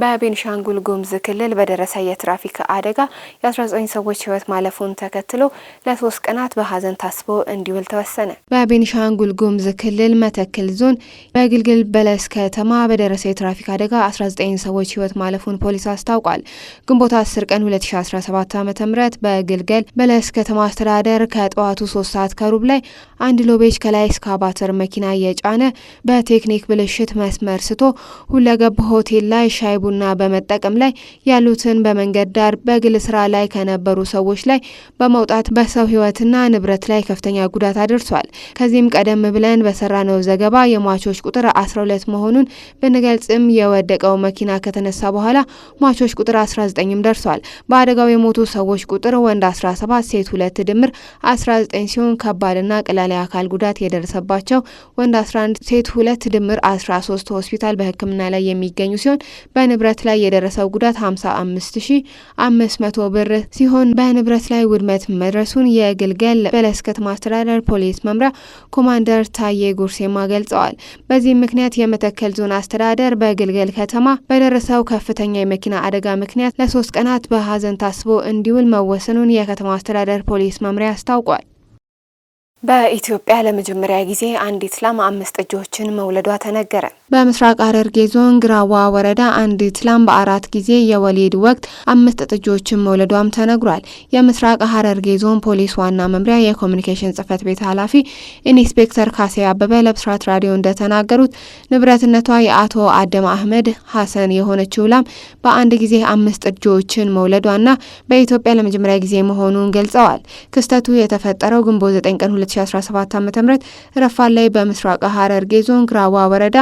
በቤንሻንጉል ጉምዝ ክልል በደረሰ የትራፊክ አደጋ የ19 ሰዎች ህይወት ማለፉን ተከትሎ ለሶስት ቀናት በሀዘን ታስቦ እንዲውል ተወሰነ። በቤንሻንጉል ጉሙዝ ክልል መተክል ዞን በግልግል በለስ ከተማ በደረሰ የትራፊክ አደጋ 19 ሰዎች ህይወት ማለፉን ፖሊስ አስታውቋል። ግንቦት 10 ቀን 2017 ዓ ም በግልገል በለስ ከተማ አስተዳደር ከጠዋቱ 3 ሰዓት ከሩብ ላይ አንድ ሎቤጅ ከላይ እስካባተር መኪና የጫነ በቴክኒክ ብልሽት መስመር ስቶ ሁለገብ ሆቴል ላይ ሻይ ገንዘቡና በመጠቀም ላይ ያሉትን በመንገድ ዳር በግል ስራ ላይ ከነበሩ ሰዎች ላይ በመውጣት በሰው ሕይወትና ንብረት ላይ ከፍተኛ ጉዳት አድርሷል። ከዚህም ቀደም ብለን በሰራነው ዘገባ የሟቾች ቁጥር 12 መሆኑን ብንገልጽም የወደቀው መኪና ከተነሳ በኋላ ሟቾች ቁጥር 19ም ደርሷል። በአደጋው የሞቱ ሰዎች ቁጥር ወንድ 17 ሴት ሁለት ድምር 19 ሲሆን ከባድና ቀላል የአካል ጉዳት የደረሰባቸው ወንድ 11 ሴት ሁለት ድምር 13 ሆስፒታል በህክምና ላይ የሚገኙ ሲሆን በ በንብረት ላይ የደረሰው ጉዳት 55500 ብር ሲሆን በንብረት ላይ ውድመት መድረሱን የግልገል በለስ ከተማ አስተዳደር ፖሊስ መምሪያ ኮማንደር ታዬ ጉርሴማ ገልጸዋል። በዚህም ምክንያት የመተከል ዞን አስተዳደር በግልገል ከተማ በደረሰው ከፍተኛ የመኪና አደጋ ምክንያት ለሶስት ቀናት በሀዘን ታስቦ እንዲውል መወሰኑን የከተማ አስተዳደር ፖሊስ መምሪያ አስታውቋል። በኢትዮጵያ ለመጀመሪያ ጊዜ አንዲት ላም አምስት ጥጆችን መውለዷ ተነገረ። በምስራቅ ሐረርጌ ዞን ግራዋ ወረዳ አንዲት ላም በአራት ጊዜ የወሊድ ወቅት አምስት ጥጆችን መውለዷም ተነግሯል። የምስራቅ ሐረርጌ ዞን ፖሊስ ዋና መምሪያ የኮሚኒኬሽን ጽህፈት ቤት ኃላፊ ኢንስፔክተር ካሴ አበበ ለብስራት ራዲዮ እንደተናገሩት ንብረትነቷ የአቶ አደም አህመድ ሀሰን የሆነችው ላም በአንድ ጊዜ አምስት ጥጆችን መውለዷና በኢትዮጵያ ለመጀመሪያ ጊዜ መሆኑን ገልጸዋል። ክስተቱ የተፈጠረው ግንቦት 9 ቀን 2017 ዓ ም ረፋድ ላይ በምስራቅ ሐረርጌ ዞን ግራዋ ወረዳ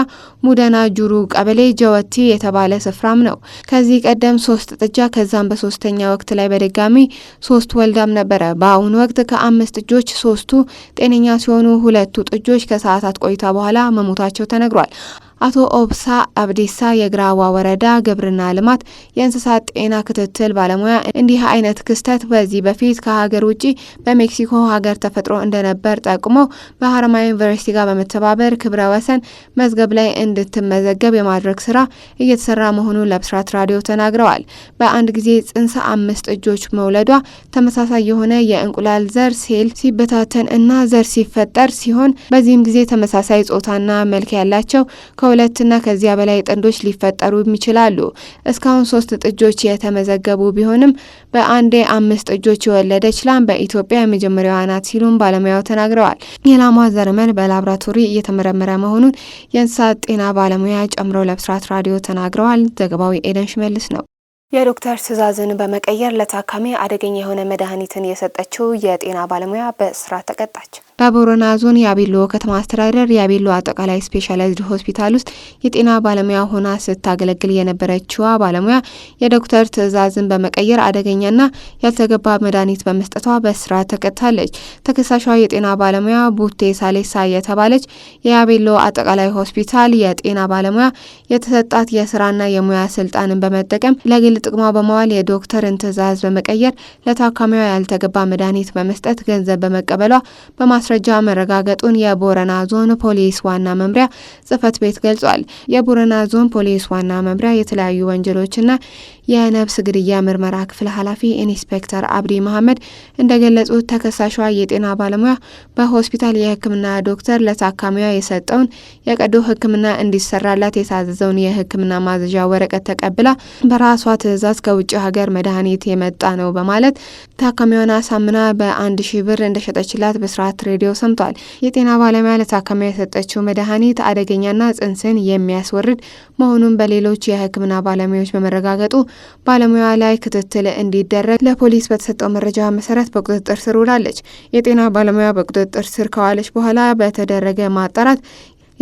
ሙደና ጁሩ ቀበሌ ጀወቲ የተባለ ስፍራም ነው። ከዚህ ቀደም ሶስት ጥጃ ከዛም በሶስተኛ ወቅት ላይ በድጋሚ ሶስት ወልዳም ነበረ። በአሁኑ ወቅት ከአምስት ጥጆች ሶስቱ ጤነኛ ሲሆኑ ሁለቱ ጥጆች ከሰዓታት ቆይታ በኋላ መሞታቸው ተነግሯል። አቶ ኦብሳ አብዴሳ የግራዋ ወረዳ ግብርና ልማት የእንስሳት ጤና ክትትል ባለሙያ እንዲህ አይነት ክስተት በዚህ በፊት ከሀገር ውጭ በሜክሲኮ ሀገር ተፈጥሮ እንደነበር ጠቁመው በሀረማያ ዩኒቨርሲቲ ጋር በመተባበር ክብረ ወሰን መዝገብ ላይ እንድትመዘገብ የማድረግ ስራ እየተሰራ መሆኑን ለብስራት ራዲዮ ተናግረዋል። በአንድ ጊዜ ጽንሰ አምስት እጆች መውለዷ ተመሳሳይ የሆነ የእንቁላል ዘር ሴል ሲበታተን እና ዘር ሲፈጠር ሲሆን በዚህም ጊዜ ተመሳሳይ ጾታና መልክ ያላቸው ከ ከሁለትና ከዚያ በላይ ጥንዶች ሊፈጠሩ ይችላሉ። እስካሁን ሶስት ጥጆች የተመዘገቡ ቢሆንም በአንዴ አምስት ጥጆች የወለደች ላም በኢትዮጵያ የመጀመሪያዋ ናት ሲሉም ባለሙያው ተናግረዋል። የላሟ ዘርመን በላብራቶሪ እየተመረመረ መሆኑን የእንስሳት ጤና ባለሙያ ጨምረው ለብስራት ራዲዮ ተናግረዋል። ዘገባው የኤደን ሽመልስ ነው። የዶክተር ትዕዛዝን በመቀየር ለታካሚ አደገኛ የሆነ መድኃኒትን የሰጠችው የጤና ባለሙያ በእስራት ተቀጣች። በቦረና ዞን የአቤሎ ከተማ አስተዳደር የአቤሎ አጠቃላይ ስፔሻላይዝድ ሆስፒታል ውስጥ የጤና ባለሙያ ሆና ስታገለግል የነበረችዋ ባለሙያ የዶክተር ትዕዛዝን በመቀየር አደገኛና ያልተገባ መድኃኒት በመስጠቷ በስራ ተቀጣለች። ተከሳሿ የጤና ባለሙያ ቡቴ ሳሌሳ የተባለች የአቤሎ አጠቃላይ ሆስፒታል የጤና ባለሙያ የተሰጣት የስራና የሙያ ስልጣንን በመጠቀም ለግል ጥቅሟ በመዋል የዶክተርን ትዕዛዝ በመቀየር ለታካሚዋ ያልተገባ መድኃኒት በመስጠት ገንዘብ በመቀበሏ በማስ ማስረጃ መረጋገጡን የቦረና ዞን ፖሊስ ዋና መምሪያ ጽህፈት ቤት ገልጿል። የቦረና ዞን ፖሊስ ዋና መምሪያ የተለያዩ ወንጀሎችና የነብስ ግድያ ምርመራ ክፍል ኃላፊ ኢንስፔክተር አብዲ መሐመድ እንደገለጹት ተከሳሿ የጤና ባለሙያ በሆስፒታል የሕክምና ዶክተር ለታካሚዋ የሰጠውን የቀዶ ሕክምና እንዲሰራላት የታዘዘውን የሕክምና ማዘዣ ወረቀት ተቀብላ በራሷ ትዕዛዝ ከውጭ ሀገር መድኃኒት የመጣ ነው በማለት ታካሚዋን አሳምና በአንድ ሺህ ብር እንደሸጠችላት በስርዓት ሬዲዮ ሰምቷል። የጤና ባለሙያ ለታካሚዋ የሰጠችው መድኃኒት አደገኛና ጽንስን የሚያስወርድ መሆኑን በሌሎች የሕክምና ባለሙያዎች በመረጋገጡ ባለሙያ ላይ ክትትል እንዲደረግ ለፖሊስ በተሰጠው መረጃ መሰረት በቁጥጥር ስር ውላለች። የጤና ባለሙያ በቁጥጥር ስር ከዋለች በኋላ በተደረገ ማጣራት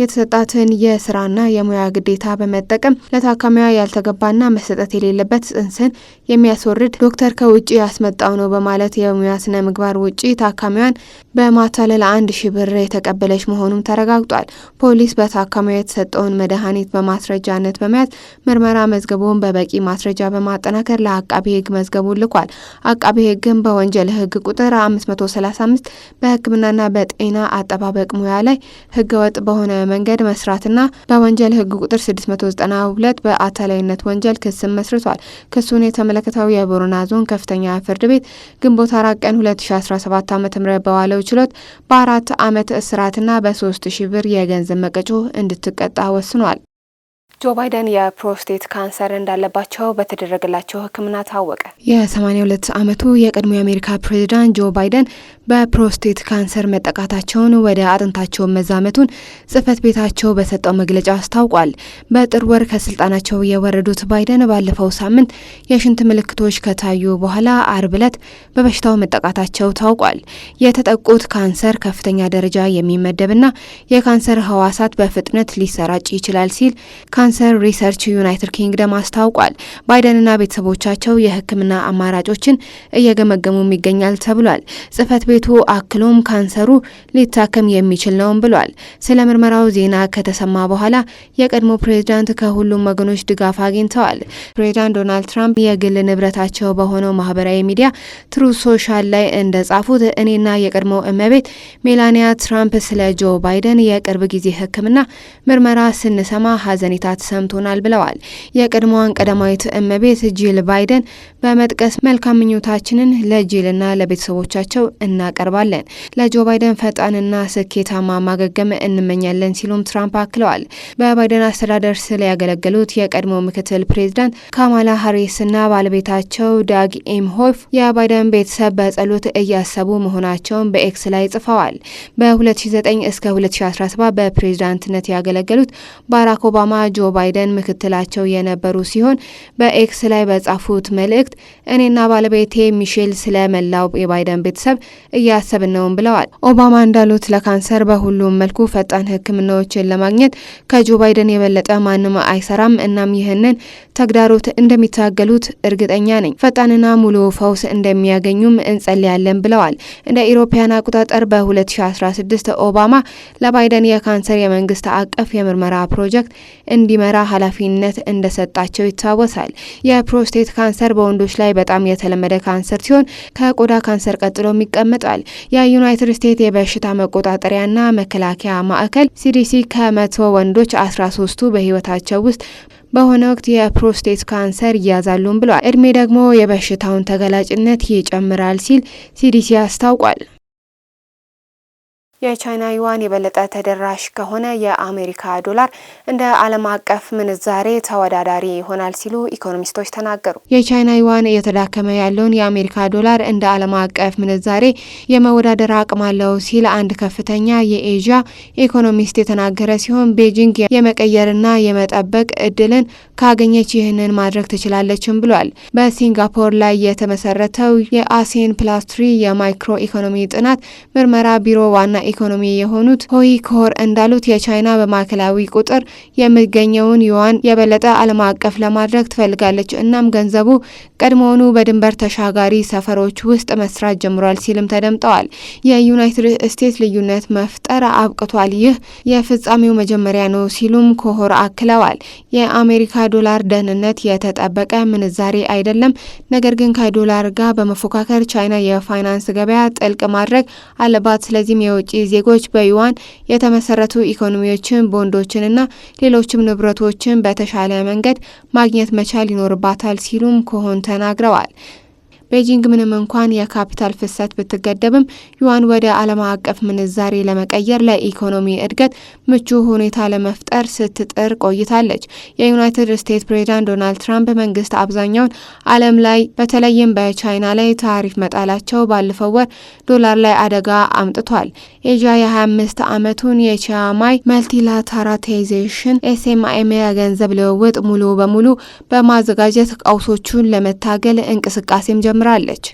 የተሰጣትን የስራና የሙያ ግዴታ በመጠቀም ለታካሚዋ ያልተገባና መሰጠት የሌለበት ጽንስን የሚያስወርድ ዶክተር ከውጭ ያስመጣው ነው በማለት የሙያ ስነ ምግባር ውጪ ታካሚዋን በማታለል አንድ ሺህ ብር የተቀበለች መሆኑም ተረጋግጧል። ፖሊስ በታካሚው የተሰጠውን መድኃኒት በማስረጃነት በመያዝ ምርመራ መዝገቡን በበቂ ማስረጃ በማጠናከር ለአቃቢ ሕግ መዝገቡን ልኳል። አቃቢ ሕግም በወንጀል ሕግ ቁጥር 535 በሕክምናና በጤና አጠባበቅ ሙያ ላይ ህገወጥ በሆነ መንገድ መስራትና በወንጀል ሕግ ቁጥር 692 በአታላይነት ወንጀል ክስም መስርቷል። ክሱን የተመለከተው የቦረና ዞን ከፍተኛ ፍርድ ቤት ግንቦት አራት ቀን 2017 ዓ.ም በዋለው ችሎት በአራት ዓመት እስራትና በሶስት ሺህ ብር የገንዘብ መቀጮ እንድትቀጣ ወስኗል። ጆ ባይደን የፕሮስቴት ካንሰር እንዳለባቸው በተደረገላቸው ሕክምና ታወቀ። የ82 ዓመቱ የቀድሞ የአሜሪካ ፕሬዚዳንት ጆ ባይደን በፕሮስቴት ካንሰር መጠቃታቸውን ወደ አጥንታቸው መዛመቱን ጽህፈት ቤታቸው በሰጠው መግለጫ አስታውቋል። በጥር ወር ከስልጣናቸው የወረዱት ባይደን ባለፈው ሳምንት የሽንት ምልክቶች ከታዩ በኋላ አርብ ዕለት በበሽታው መጠቃታቸው ታውቋል። የተጠቁት ካንሰር ከፍተኛ ደረጃ የሚመደብና የካንሰር ህዋሳት በፍጥነት ሊሰራጭ ይችላል ሲል ካንሰር ሪሰርች ዩናይትድ ኪንግደም አስታውቋል። ባይደንና ቤተሰቦቻቸው የሕክምና አማራጮችን እየገመገሙም ይገኛል ተብሏል። ጽህፈት ቤቱ አክሎም ካንሰሩ ሊታከም የሚችል ነውም ብሏል። ስለ ምርመራው ዜና ከተሰማ በኋላ የቀድሞ ፕሬዚዳንት ከሁሉም ወገኖች ድጋፍ አግኝተዋል። ፕሬዚዳንት ዶናልድ ትራምፕ የግል ንብረታቸው በሆነው ማህበራዊ ሚዲያ ትሩ ሶሻል ላይ እንደጻፉት እኔና የቀድሞ እመቤት ሜላኒያ ትራምፕ ስለ ጆ ባይደን የቅርብ ጊዜ ሕክምና ምርመራ ስንሰማ ሀዘኔታ ሰምቶናል ብለዋል። የቀድሞዋን ቀዳማዊት እመቤት ጂል ባይደን በመጥቀስ መልካም ምኞታችንን ለጂልና ለቤተሰቦቻቸው እናቀርባለን፣ ለጆ ባይደን ፈጣንና ስኬታማ ማገገም እንመኛለን ሲሉም ትራምፕ አክለዋል። በባይደን አስተዳደር ስለ ያገለገሉት የቀድሞ ምክትል ፕሬዚዳንት ካማላ ሀሪስና ባለቤታቸው ዳግ ኢምሆፍ የባይደን ቤተሰብ በጸሎት እያሰቡ መሆናቸውን በኤክስ ላይ ጽፈዋል። በ2009 እስከ 2017 በፕሬዚዳንትነት ያገለገሉት ባራክ ኦባማ ጆ ጆ ባይደን ምክትላቸው የነበሩ ሲሆን በኤክስ ላይ በጻፉት መልእክት እኔና ባለቤቴ ሚሼል ስለ መላው የባይደን ቤተሰብ እያሰብን ነውም ብለዋል። ኦባማ እንዳሉት ለካንሰር በሁሉም መልኩ ፈጣን ሕክምናዎችን ለማግኘት ከጆ ባይደን የበለጠ ማንም አይሰራም። እናም ይህንን ተግዳሮት እንደሚታገሉት እርግጠኛ ነኝ። ፈጣንና ሙሉ ፈውስ እንደሚያገኙም እንጸልያለን ብለዋል። እንደ ኢሮፓያን አቆጣጠር በ2016 ኦባማ ለባይደን የካንሰር የመንግስት አቀፍ የምርመራ ፕሮጀክት እንዲ እንዲመራ ኃላፊነት እንደሰጣቸው ይታወሳል። የፕሮስቴት ካንሰር በወንዶች ላይ በጣም የተለመደ ካንሰር ሲሆን ከቆዳ ካንሰር ቀጥሎም ይቀመጣል። የዩናይትድ ስቴትስ የበሽታ መቆጣጠሪያና መከላከያ ማዕከል ሲዲሲ ከመቶ ወንዶች አስራ ሶስቱ በህይወታቸው ውስጥ በሆነ ወቅት የፕሮስቴት ካንሰር ይያዛሉም ብሏል። እድሜ ደግሞ የበሽታውን ተገላጭነት ይጨምራል ሲል ሲዲሲ አስታውቋል። የቻይና ዩዋን የበለጠ ተደራሽ ከሆነ የአሜሪካ ዶላር እንደ ዓለም አቀፍ ምንዛሬ ተወዳዳሪ ይሆናል ሲሉ ኢኮኖሚስቶች ተናገሩ። የቻይና ዩዋን እየተዳከመ ያለውን የአሜሪካ ዶላር እንደ ዓለም አቀፍ ምንዛሬ የመወዳደር አቅም አለው ሲል አንድ ከፍተኛ የኤዥያ ኢኮኖሚስት የተናገረ ሲሆን ቤጂንግ የመቀየርና የመጠበቅ እድልን ካገኘች ይህንን ማድረግ ትችላለችም ብሏል። በሲንጋፖር ላይ የተመሰረተው የአሴን ፕላስ ትሪ የማይክሮ ኢኮኖሚ ጥናት ምርመራ ቢሮ ዋና ኢኮኖሚ የሆኑት ሆይ ኮር እንዳሉት የቻይና በማዕከላዊ ቁጥር የምትገኘውን ዩዋን የበለጠ ዓለም አቀፍ ለማድረግ ትፈልጋለች። እናም ገንዘቡ ቀድሞውኑ በድንበር ተሻጋሪ ሰፈሮች ውስጥ መስራት ጀምሯል ሲልም ተደምጠዋል። የዩናይትድ ስቴትስ ልዩነት መፍጠር አብቅቷል፣ ይህ የፍጻሜው መጀመሪያ ነው ሲሉም ኮሆር አክለዋል። የአሜሪካ ዶላር ደህንነት የተጠበቀ ምንዛሬ አይደለም፣ ነገር ግን ከዶላር ጋር በመፎካከር ቻይና የፋይናንስ ገበያ ጥልቅ ማድረግ አለባት። ስለዚህም የውጭ ዜጎች በዩዋን የተመሰረቱ ኢኮኖሚዎችን፣ ቦንዶችንና ሌሎችም ንብረቶችን በተሻለ መንገድ ማግኘት መቻል ይኖርባታል ሲሉም ከሆን ተናግረዋል። ቤጂንግ ምንም እንኳን የካፒታል ፍሰት ብትገደብም ዩዋን ወደ ዓለም አቀፍ ምንዛሬ ለመቀየር ለኢኮኖሚ እድገት ምቹ ሁኔታ ለመፍጠር ስትጥር ቆይታለች። የዩናይትድ ስቴትስ ፕሬዚዳንት ዶናልድ ትራምፕ መንግስት አብዛኛውን ዓለም ላይ በተለይም በቻይና ላይ ታሪፍ መጣላቸው ባለፈው ወር ዶላር ላይ አደጋ አምጥቷል። ኤዥያ የ25 ዓመቱን የቺያማይ መልቲላተራታይዜሽን ኤስኤምኤም የገንዘብ ልውውጥ ሙሉ በሙሉ በማዘጋጀት ቀውሶቹን ለመታገል እንቅስቃሴም ጀምሯል። ጀምራለች።